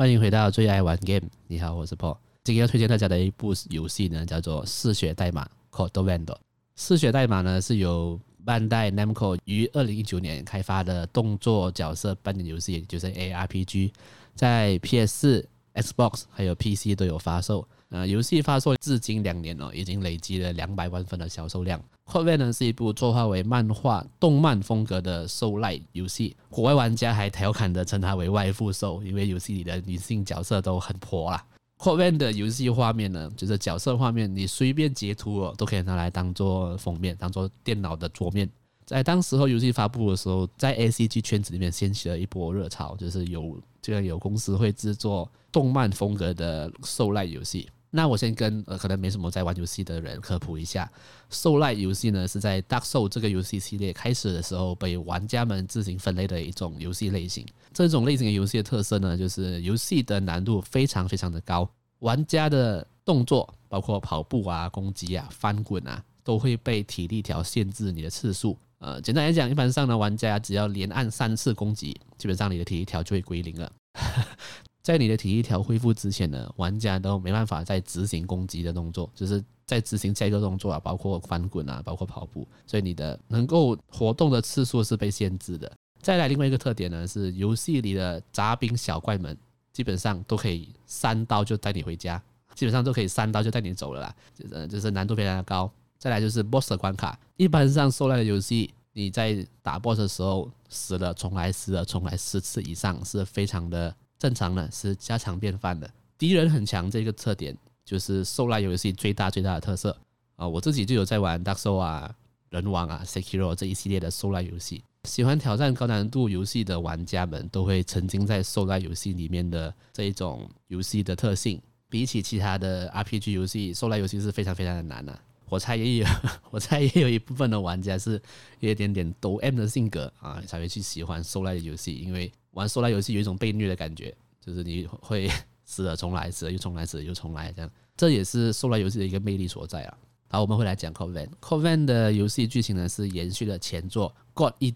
歡迎回到最愛玩 game，你好，我是 Paul。今天要推薦大家的一部遊戲呢，叫做《嗜血代碼》（Code Vein）。《嗜血代碼》呢是由萬代 Namco 於二零一九年開發的動作角色扮演遊戲，就是 ARPG，在 PS4、Xbox 還有 PC 都有發售。呃，遊戲發售至今兩年了哦，已經累積了兩百萬份的銷售量。Code Vein 呢是一部作畫為漫畫動漫風格的 Soul Like 遊戲，國外玩家還調侃的稱它為 “Waifu Soul”，因為遊戲裡的女性角色都很潑辣。Code Vein 的遊戲畫面呢，就是角色畫面，你隨便截圖哦，都可以拿來當做封面，當做電腦的桌面。在當時候遊戲發布的時候，在 ACG 圈子裡面掀起了一波熱潮，就是有，居然有公司會製作動漫風格的 Soul Like 遊戲。那我先跟呃，可能沒什麼在玩遊戲的人科普一下，Soul Like 遊戲呢是在 Dark Soul 這個遊戲系列開始的時候被玩家們自行分類的一種遊戲類型。這種類型的遊戲的特色呢，就是遊戲的難度非常非常的高，玩家的動作包括跑步啊、攻擊啊、翻滾啊，都會被體力條限制你的次數。呃，簡單來講，一般上呢，玩家只要連按三次攻擊，基本上你的體力條就會歸零了。 在你的體力條恢復之前呢，玩家都沒辦法再執行攻擊的動作，就是在執行下一個動作啊，包括翻滾啊，包括跑步，所以你的能夠活動的次數是被限制的。再來，另外一個特點呢是遊戲裡的雜兵小怪們基本上都可以三刀就帶你回家，基本上都可以三刀就帶你走了啦。呃，就是難度非常的高。再來就是 BOSS 的關卡，一般上 Soul Like 的遊戲你在打 BOSS 的時候死了重來，死了重來，十次以上是非常的。正常呢，是家常便飯的。敵人很強，這個特點就是 Soul Like 遊戲最大最大的特色啊！我自己就有在玩《Dark Soul》啊，《人王》啊，《Sekiro》這一系列的 Soul Like 遊戲。喜歡挑戰高難度遊戲的玩家們，都會沉浸在 Soul Like 遊戲裡面的這一種遊戲的特性。比起其他的 RPG 遊戲，Soul Like 遊戲是非常非常的難的啊。我猜也有，我猜也有一部分的玩家是有一點點抖 M 的性格啊，才會去喜歡 Soul Like 遊戲，因為。玩 Soul Like 遊戲有一種被虐的感覺，就是你會死了重來，死了又重來，死了又重來，這樣這也是 Soul Like 遊戲的一個魅力所在啊。然後我們會來講《Code Vein》，《Code Vein》的遊戲劇情呢是延續了前作《God Eater》，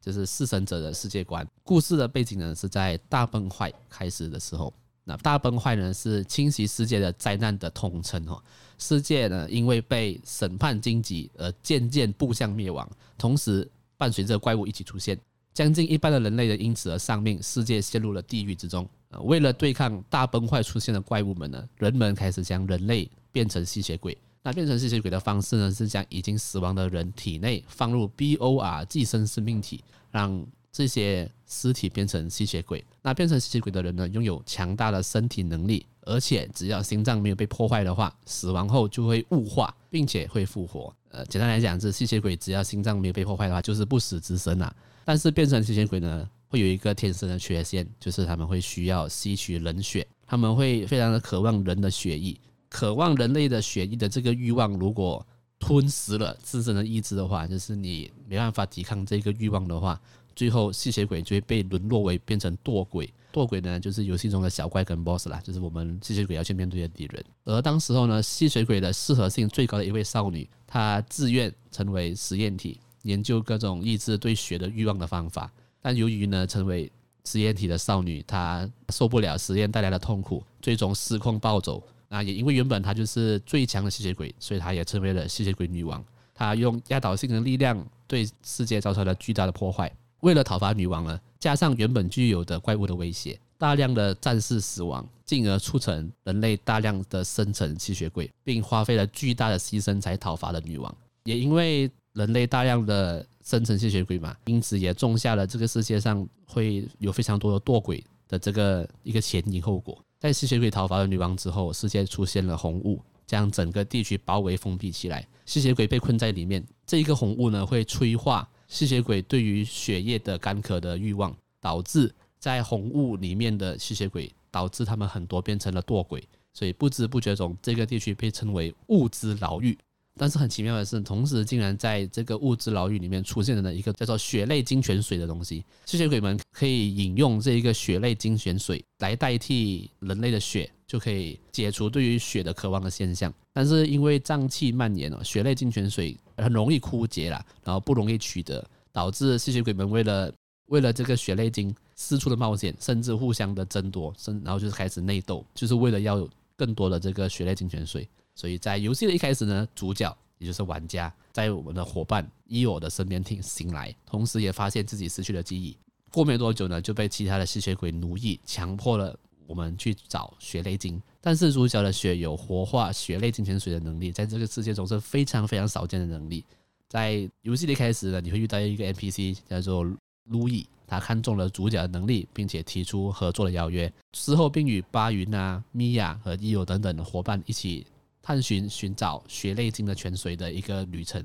就是弒神者的世界觀。故事的背景呢是在大崩壞開始的時候，那大崩壞呢是侵襲世界的災難的統稱哦。世界呢因為被審判荊棘而漸漸步向滅亡，同時伴隨着怪物一起出現。將近一半的人類呢因此而喪命，世界陷入了地獄之中。呃，為了對抗大崩壞出現的怪物們呢，人們開始將人類變成吸血鬼。那變成吸血鬼的方式呢，是將已經死亡的人體內放入 BOR 寄生生命體，讓這些屍體變成吸血鬼。那變成吸血鬼的人呢，擁有強大的身體能力，而且只要心臟沒有被破壞的話，死亡後就會物化，並且會復活。呃，簡單來講，是吸血鬼只要心臟沒有被破壞的話，就是不死之身吶。但是變成吸血鬼呢，會有一個天生的缺陷，就是他們會需要吸取人血，他們會非常的渴望人的血液，渴望人類的血液的這個慾望，如果吞噬了自身的意志的話，就是你沒辦法抵抗這個慾望的話，最後吸血鬼就會被淪落為變成墮鬼。墮鬼呢，就是遊戲中的小怪跟 boss 啦，就是我們吸血鬼要去面對的敵人。而當時候呢，吸血鬼的適合性最高的一位少女，她自願成為實驗體。研究各種抑制對血的慾望的方法，但由於呢成為實驗體的少女，她受不了實驗帶來的痛苦，最終失控暴走。那也因為原本她就是最強的吸血鬼，所以她也成為了吸血鬼女王。她用壓倒性的力量對世界造成了巨大的破壞。為了討伐女王呢，加上原本具有的怪物的威脅，大量的戰士死亡，進而促成人類大量的生成吸血鬼，並花費了巨大的犧牲才討伐了女王。也因為人類大量的生成吸血鬼嘛，因此也種下了這個世界上會有非常多的墮鬼的這個一個前因後果。在吸血鬼討伐了女王之後，世界出現了紅霧，將整個地區包圍封閉起來。吸血鬼被困在裡面，這一個紅霧呢會催化吸血鬼對於血液的乾渴的欲望，導致在紅霧裡面的吸血鬼導致他們很多變成了墮鬼，所以不知不覺中這個地區被稱為“霧之牢獄”。但是很奇妙的是，同時竟然在這個物質牢獄裡面出現了一個叫做“血淚金泉水”的東西。吸血鬼們可以飲用這一個血淚金泉水來代替人類的血，就可以解除對於血的渴望的現象。但是因為瘴氣蔓延了，血淚金泉水很容易枯竭了，然後不容易取得，導致吸血鬼們為了為了這個血淚金四處的冒險，甚至互相的爭奪，甚然後就是開始內鬥，就是為了要有更多的這個血淚金泉水。所以在遊戲的一開始呢，主角也就是玩家在我們的夥伴伊歐的身邊聽醒來，同時也發現自己失去了記憶。過沒多久呢，就被其他的吸血鬼奴役，強迫了我們去找血淚精。但是主角的血有活化血淚精泉水的能力，在這個世界中是非常非常少見的能力。在遊戲的一開始呢，你會遇到一個 NPC 叫做路易，他看中了主角的能力，並且提出合作的邀約。之後並與巴雲啊、米婭和伊歐等等的夥伴一起探尋尋找血淚精的泉水的一個旅程。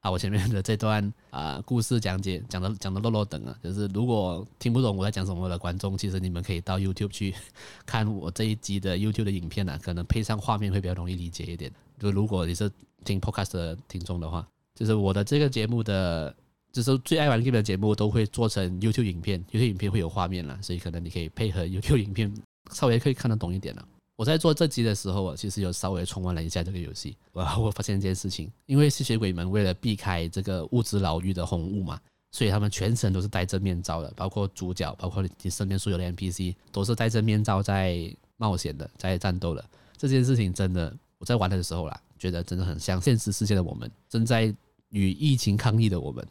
好、啊，我前面的這段啊、呃、故事講解講的講的落落等啊，就是如果聽不懂我在講什麼的觀眾，其實你們可以到 YouTube 去看我這一集的 YouTube 的影片啊，可能配上畫面會比較容易理解一點。就如果你是聽 Podcast 的聽眾的話，就是我的這個節目的就是最愛玩的，的節目都會做成 YouTube 影片，YouTube 影片會有畫面了、啊，所以可能你可以配合 YouTube 影片稍微可以看得懂一點了、啊。我在做這集的時候，我其實有稍微重溫了一下這個遊戲，然後我發現一件事情，因為吸血鬼們為了避開這個物質牢獄的紅霧嘛，所以他們全程都是戴着面罩的，包括主角，包括你身邊所有的 NPC 都是戴着面罩在冒險的，在戰鬥的。這件事情真的，我在玩的時候啦，覺得真的很像現實世界的我們正在與疫情抗疫的我們，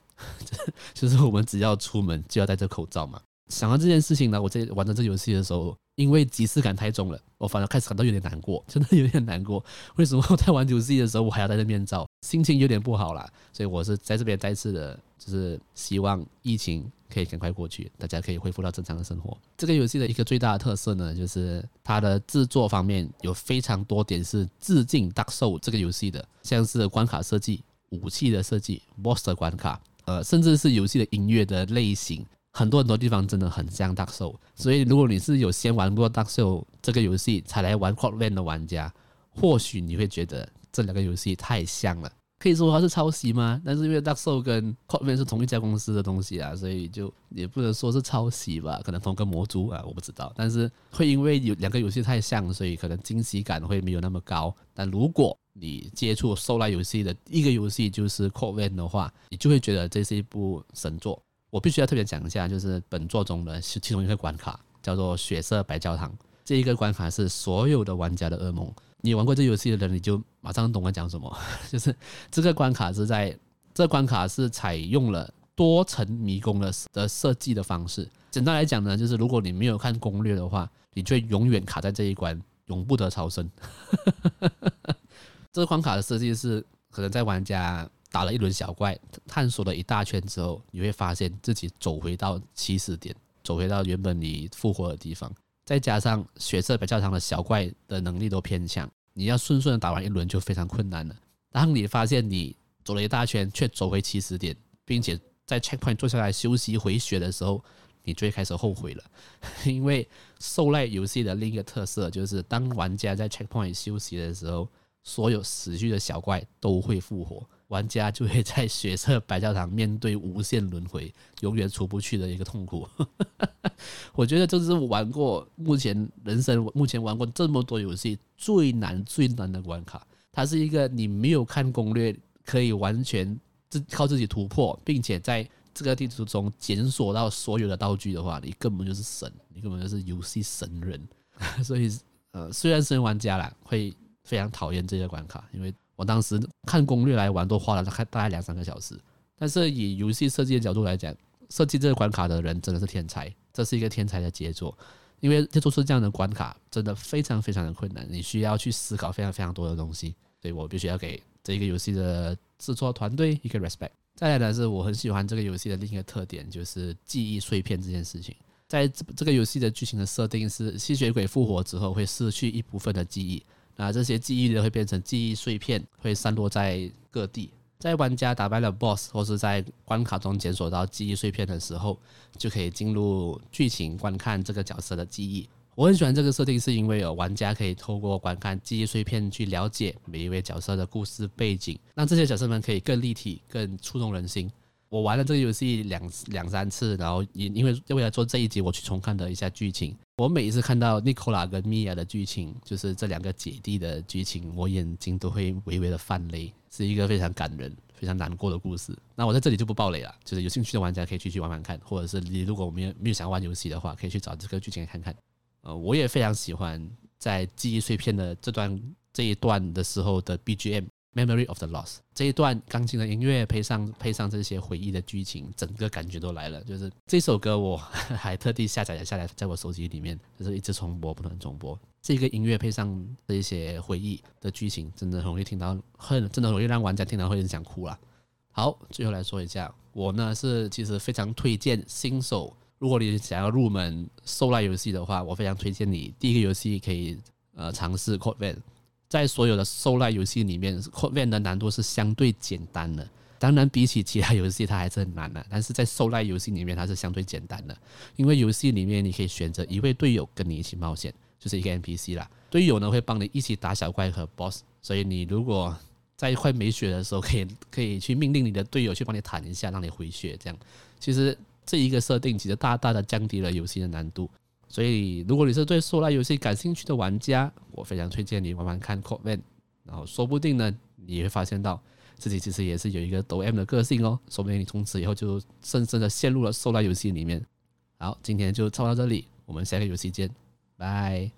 就是我們只要出門就要戴着口罩嘛。想到這件事情呢，我在玩着這遊戲的時候。因為即視感太重了，我反而開始感到有點難過，真的有點難過。為什麼我在玩遊戲的時候我還要戴着面罩？心情有點不好啦。所以我是在這邊再次的，就是希望疫情可以趕快過去，大家可以恢復到正常的生活。這個遊戲的一個最大的特色呢，就是它的制作方面有非常多點是致敬《Dark Souls》這個遊戲的，像是關卡設計、武器的設計、BOSS 的關卡，呃，甚至是遊戲的音樂的類型。很多很多地方真的很像 Dark Soul，所以如果你是有先玩過 Dark Soul 這個遊戲才來玩 Code Vein 的玩家，或許你會覺得這兩個遊戲太像了。可以說它是抄襲嗎？但是因為 Dark Soul 跟 Code Vein 是同一家公司的東西啊，所以就也不能說是抄襲吧，可能同個魔珠，啊，我不知道。但是會因為有兩個遊戲太像，所以可能驚喜感會沒有那麼高。但如果你接觸 Soul Like 遊戲的第一個遊戲就是 Code Vein 的話，你就會覺得這是一部神作。我必須要特別講一下，就是本作中的其中一個關卡叫做“血色白教堂”。這一個關卡是所有的玩家的噩夢。你玩過這遊戲的人，你就馬上懂我講什麼。就是這個關卡是在，這關卡是採用了多層迷宮的的設計的方式。簡單來講呢，就是如果你沒有看攻略的話，你就永遠卡在這一關，永不得超生。 這個關卡的設計是可能在玩家。打了一輪小怪，探索了一大圈之後，你會發現自己走回到起始點，走回到原本你復活的地方。再加上血色比較長的小怪的能力都偏強，你要順順的打完一輪就非常困難了。當你發現你走了一大圈卻走回起始點，並且在 checkpoint 坐下來休息回血的時候，你就會開始後悔了。因為 Soul Like 遊戲的另一個特色就是，當玩家在 checkpoint 休息的時候。所有死去的小怪都會復活，玩家就會在血色白教堂面對無限輪迴，永遠出不去的一個痛苦。 我覺得這是我玩過，目前人生，目前玩過這麼多遊戲，最難最難的關卡。它是一個你沒有看攻略，可以完全自靠自己突破，並且在這個地圖中檢索到所有的道具的話，你根本就是神，你根本就是遊戲神人。 所以呃，雖然是玩家啦。會。非常討厭這些關卡，因為我當時看攻略來玩，都花了大概兩三個小時。但是以遊戲設計的角度來講，設計這個關卡的人真的是天才，這是一個天才的傑作。因為做出這樣的關卡，真的非常非常的困難，你需要去思考非常非常多的東西。所以我必須要給這一個遊戲的制作團隊一個 respect。再來呢，是我很喜歡這個遊戲的另一個特點，就是記憶碎片這件事情。在這這個遊戲的劇情的設定是，吸血鬼复活之後會失去一部分的記憶。啊，這些記憶呢，會變成記憶碎片，會散落在各地。在玩家打敗了 BOSS 或是在關卡中檢索到記憶碎片的時候，就可以進入劇情觀看這個角色的記憶。我很喜歡這個設定，是因為有玩家可以透過觀看記憶碎片去了解每一位角色的故事背景，讓這些角色們可以更立體、更觸動人心。我玩了這個遊戲兩兩三次，然後因因為為了做這一集，我去重看了一下劇情。我每一次看到 Nicola 跟 Mia 的劇情，就是這兩個姐弟的劇情，我眼睛都會微微的泛淚，是一個非常感人、非常難過的故事。那我在這裡就不爆雷了，就是有興趣的玩家可以去去玩玩看，或者是你如果沒有沒有想玩遊戲的話，可以去找這個劇情來看看。呃，我也非常喜歡在記憶碎片的這段這一段的時候的 BGM。Memory of the Lost 這一段鋼琴的音樂配上配上這些回憶的劇情，整個感覺都來了。就是這首歌，我還特地下載了下來，在我手機裡面就是一直重播，不斷重播。這個音樂配上這些回憶的劇情，真的很容易聽到，很真的容易讓玩家聽到會很想哭了啊。好，最後來說一下，我呢是其實非常推薦新手，如果你想要入門 Soul Like 遊戲的話，我非常推薦你第一個遊戲可以呃嘗試 Code Vein。在所有的 Soul Like 遊戲裡面，Code Vein 的難度是相對簡單的。當然，比起其他遊戲，它還是很難的、啊。但是在 Soul Like 遊戲裡面，它是相對簡單的，因為遊戲裡面你可以選擇一位隊友跟你一起冒險，就是一個 NPC 啦。隊友呢會幫你一起打小怪和 BOSS，所以你如果在快沒血的時候，可以可以去命令你的隊友去幫你坦一下，讓你回血。這樣，其實這一個設定其實大大的降低了遊戲的難度。所以，如果你是對 Soul Like 遊戲感興趣的玩家，我非常推薦你玩玩看《Code Vein》然後說不定呢，你會發現到自己其實也是有一個抖 M 的個性哦，說不定你從此以後就深深的陷入了 Soul Like 遊戲裡面。好，今天就聊到這裡，我們下個遊戲見，拜。